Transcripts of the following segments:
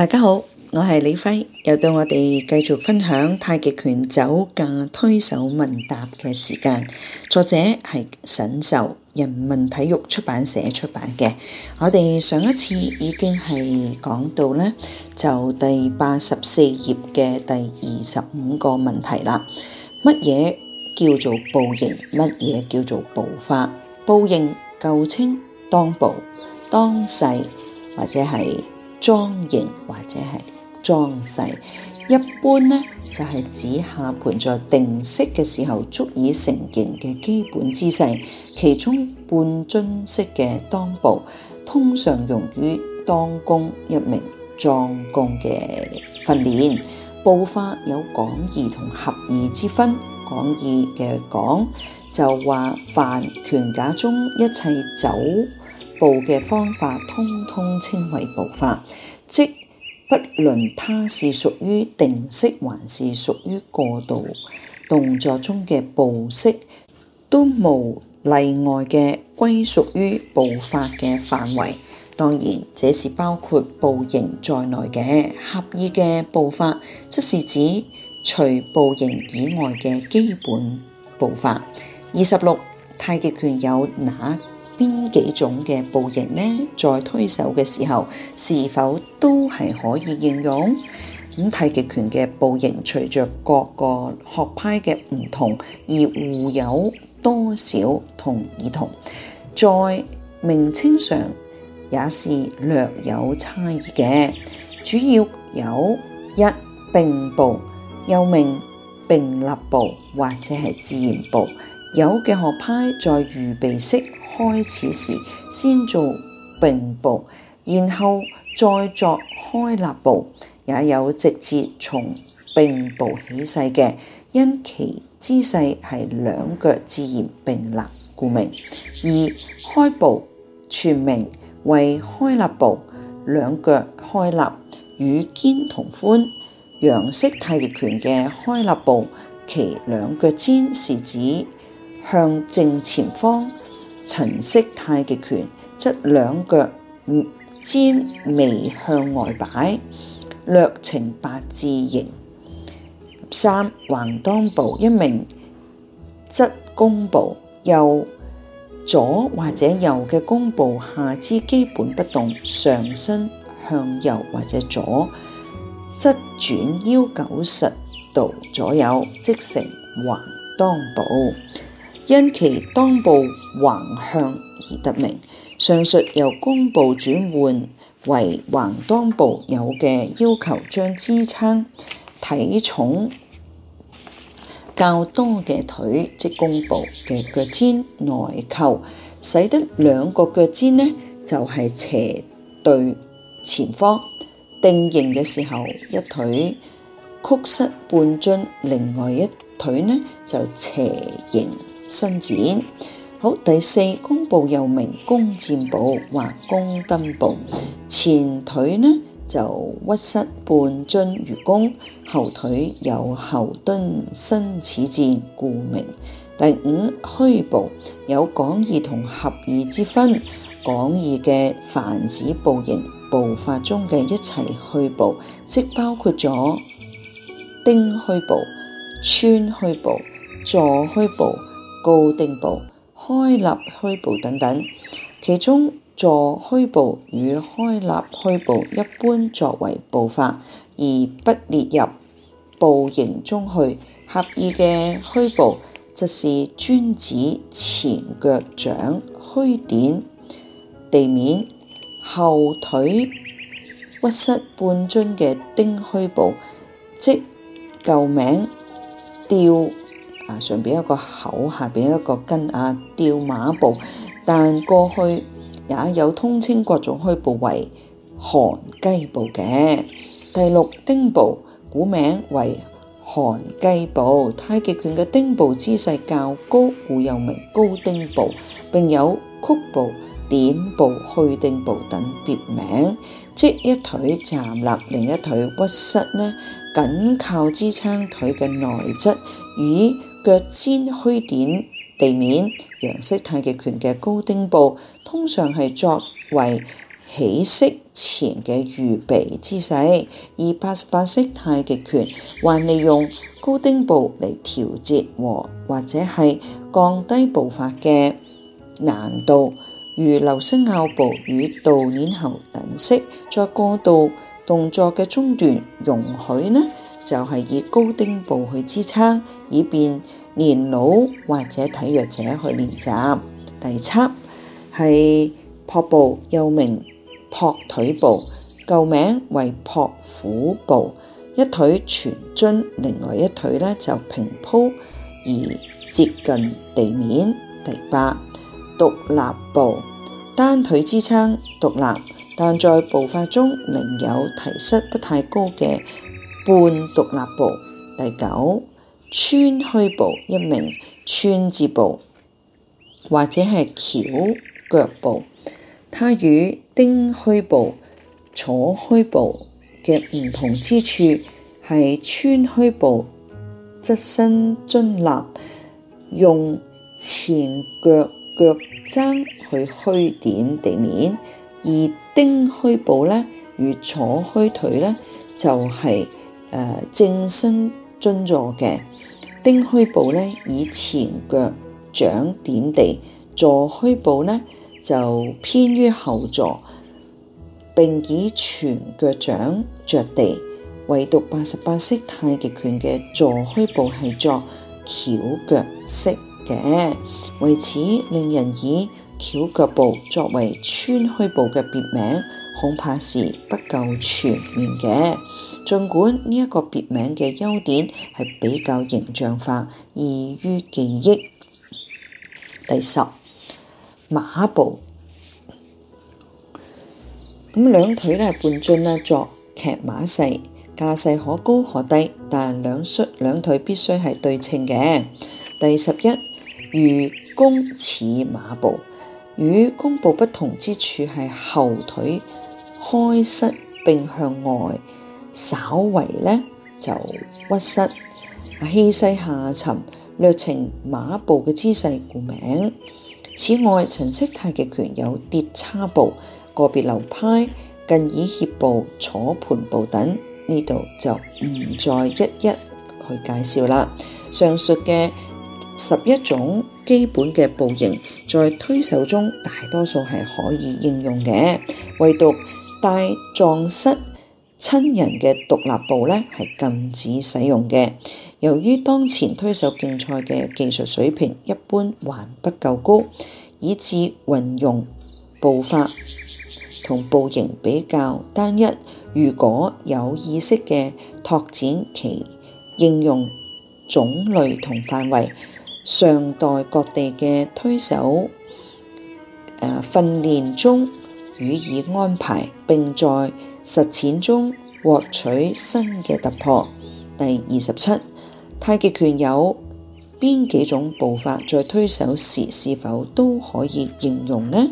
大家好，我係李輝，又到我哋繼續分享太極拳走架推手問答嘅時間。作者係沈壽，人民體育出版社出版嘅。我哋上一次已經係講到咧，就第八十四頁嘅第二十五個問題啦。乜嘢叫做步型？乜嘢叫做步法？步型舊稱當步當勢，或者係。樁型或者係樁勢，一般咧就係、是、指下盤在定式嘅時候足以成形嘅基本姿勢。其中半蹲式嘅當步通常用於當弓一名樁功嘅訓練。步法有廣義同狹義之分，廣義嘅講就話凡拳架中一切走。步嘅方法，通通稱為步法，即不論它是屬於定式還是屬於過渡動作中嘅步式，都無例外嘅歸屬於步法嘅範圍。當然，這是包括步型在內嘅。合意嘅步法，即是指除步型以外嘅基本步法。二十六，太極拳有哪邊幾種嘅步型呢？在推手嘅時候，是否都係可以應用？咁太極拳嘅步型，隨着各個學派嘅唔同，而互有多少同異同，在名稱上也是略有差異嘅。主要有一並步，又名並立步，或者係自然步。有嘅學派在預備式，開始時先做並步，然後再作開立步，也有直接從並步起勢嘅，因其姿勢係兩腳自然並立，故名。二開步全名為開立步，兩腳開立與肩同寬。楊式太極拳嘅開立步，其兩腳尖是指向正前方。陳式太極拳則兩腳尖微向外擺，略呈八字形。三橫當步，一名側弓步右，右左或者右嘅弓步，下肢基本不動，上身向右或者左側轉腰九十度左右，即成橫當步。因其襠部橫向而得名。上述由弓步轉換為橫襠步，有嘅要求將支撐體重較多嘅腿，即弓步嘅腳尖內扣，使得兩個腳尖呢就係、是、斜對前方。定型嘅時候，一腿曲膝半蹲，另外一腿呢就斜形。伸展，好。第四，弓步又名弓箭步或弓蹲步，前腿呢就屈膝半蹲如弓，後腿有後蹲身似箭，故名。第五，虛步有廣義同狹義之分，廣義嘅凡指步型步法中嘅一切虛步，即包括咗丁虛步、穿虛步、坐虛步。高丁步、開立虛步等等，其中坐虛步與開立虛步一般作為步法，而不列入步型中去。狹義嘅虛步，就是專指前腳掌虛點地面，後腿屈膝半蹲嘅丁虛步，即舊名吊。上邊一個口，下邊一個根啊，吊馬步，但過去也有通稱各種虛步為寒雞步嘅。第六丁步，古名為寒雞步，太極拳嘅丁步姿勢較高，故又名高丁步，並有曲步、點步、虛丁步等別名，即一腿站立，另一腿屈膝呢，緊靠支撐腿嘅內側與。腳尖虛點地面，楊式太極拳嘅高丁步通常係作為起式前嘅預備姿勢，而八十八式太極拳還利用高丁步嚟調節和或者係降低步伐嘅難度，如流星拗步與倒攆猴等式，在過渡動作嘅中段容許呢，就係以高丁步去支撐，以便年老或者體弱者去練習。第七係撲步，又名撲腿步，舊名為撲虎步，一腿全蹲，另外一腿咧就平鋪而接近地面。第八獨立步，單腿支撐獨立，但在步伐中另有提膝不太高嘅。半獨立步，第九村虛步，一名村字步，或者係橋腳步。它與丁虛步、坐虛步嘅唔同之處係村虛步側身蹲立，用前腳腳踭去虛點地面，而丁虛步呢，與坐虛腿呢，就係、是。呃、正身進坐嘅丁虛步咧，以前腳掌點地；坐虛步咧就偏於後座，並以全腳掌着地。唯獨八十八式太極拳嘅坐虛步係作翹腳式嘅，為此令人以翹腳步作為穿虛步嘅別名。恐怕是不夠全面嘅，儘管呢一個別名嘅優點係比較形象化，易於記憶。第十，馬步，咁兩腿係半蹲啊，作騎馬勢，架勢可高可低，但兩摔兩腿必須係對稱嘅。第十一，如弓似馬步。與弓步不同之處係後腿開膝並向外，稍為呢就屈膝，氣勢下沉，略呈馬步嘅姿勢，故名。此外，陳式太極拳有跌叉步，個別流派近以歇步、坐盤步等。呢度就唔再一一去介紹啦。上述嘅十一種基本嘅步型，在推手中大多數係可以應用嘅，唯獨帶撞失親人嘅獨立步呢，係禁止使用嘅。由於當前推手競賽嘅技術水平一般還不夠高，以致運用步法同步型比較單一。如果有意識嘅拓展其應用種類同範圍。上代各地嘅推手，誒、呃、訓練中予以安排，並在實踐中獲取新嘅突破。第二十七，太極拳有邊幾種步法在推手時是否都可以應用呢？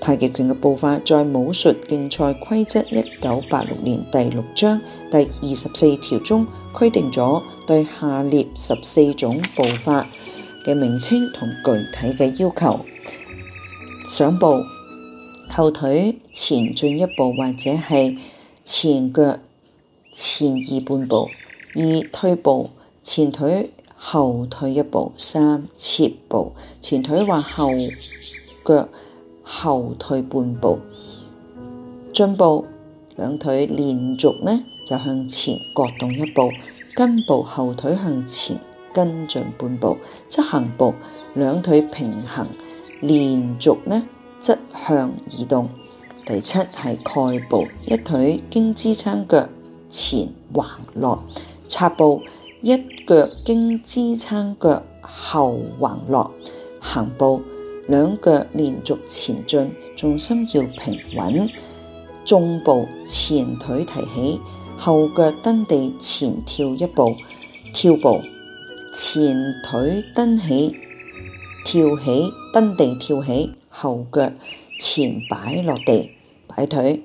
太極拳嘅步法在武術競賽規則一九八六年第六章第二十四條中，規定咗對下列十四種步法嘅名稱同具體嘅要求：上步、後腿前進一步，或者係前腳前移半步；二退步、前腿後退一步；三撤步、前腿或後腳後退半步；進步兩腿連續呢，就向前各動一步，跟步後腿向前跟進半步，側行步兩腿平行，連續呢側向移動。第七係蓋步，一腿經支撐腳前橫落，插步一腳經支撐腳後橫落，行步兩腳連續前進，重心要平穩。縱步前腿提起。後腳蹬地前跳一步，跳步前腿蹬起跳起蹬地跳起，後腳前擺落地擺腿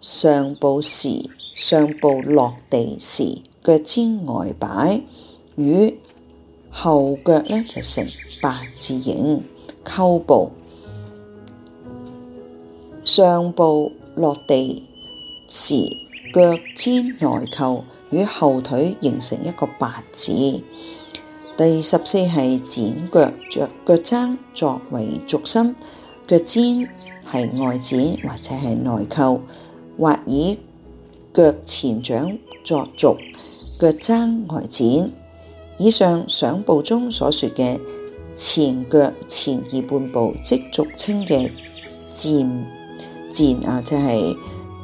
上步時，上步落地時腳尖外擺與後腳呢就成八字形，扣步上步落地時。腳尖內扣與後腿形成一個八字。第十四係剪腳，着腳踭作為軸心，腳尖係外展或者係內扣，或以腳前掌作軸，腳踭外展。以上上步中所說嘅前腳前二半步，即俗稱嘅展展啊，即係。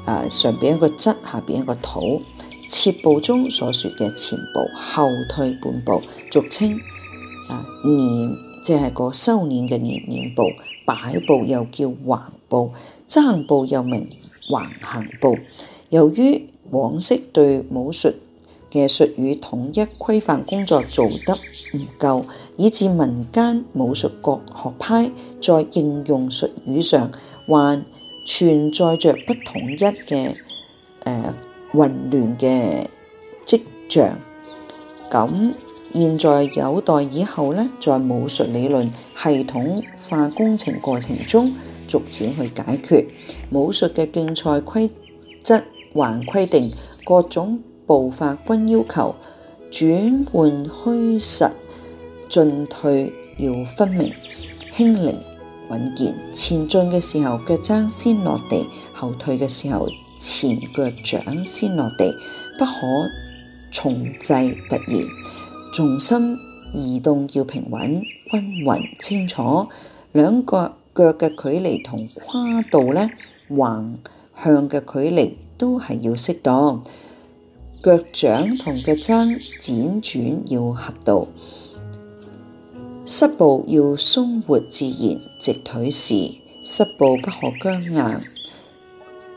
誒、啊、上邊一個質，下邊一個土。切步中所說嘅前步、後退半步，俗稱啊念，即係個修念嘅年年步；擺步又叫橫步，爭步又名橫行步。由於往昔對武術嘅術語統一規範工作做得唔夠，以致民間武術各學派在應用術語上還存在着不統一嘅誒混亂嘅跡象，咁現在有待以後呢，在武術理論系統化工程過程中，逐漸去解決。武術嘅競賽規則還規定各種步法均要求轉換虛實、進退要分明、輕靈。穩健前進嘅時候，腳踭先落地；後退嘅時候，前腳掌先落地。不可重制突然，重心移動要平穩、均勻、清楚。兩個腳嘅距離同跨度呢，橫向嘅距離都係要適當。腳掌同腳踭輾轉要合度。膝部要鬆活自然，直腿時膝部不可僵硬，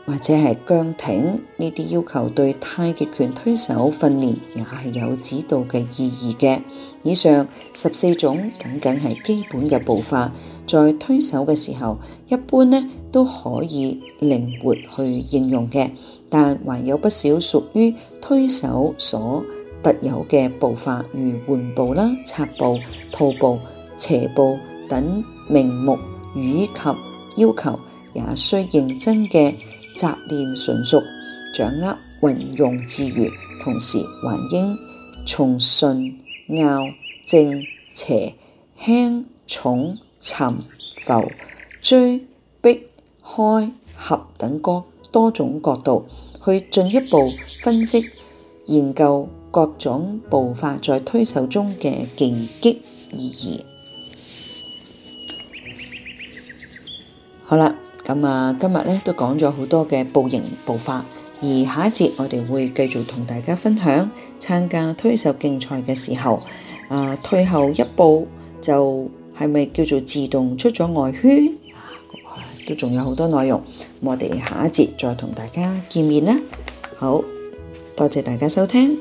或者係僵挺，呢啲要求對太極拳推手訓練也係有指導嘅意義嘅。以上十四種僅僅係基本嘅步法，在推手嘅時候，一般呢都可以靈活去應用嘅，但還有不少屬於推手所，特有嘅步伐，如緩步啦、插步、徒步、斜步等名目，以及要求，也需認真嘅習練純熟，掌握運用自如。同時，還應從順拗正斜輕重沉浮追逼開合等各多種角度去進一步分析研究。各種步法在推手中嘅技擊意義。好啦，咁啊，今日咧都講咗好多嘅步型步法，而下一節我哋會繼續同大家分享參加推手競賽嘅時候，啊退後一步就係咪叫做自動出咗外圈？都仲有好多內容，我哋下一節再同大家見面啦。好多謝大家收聽。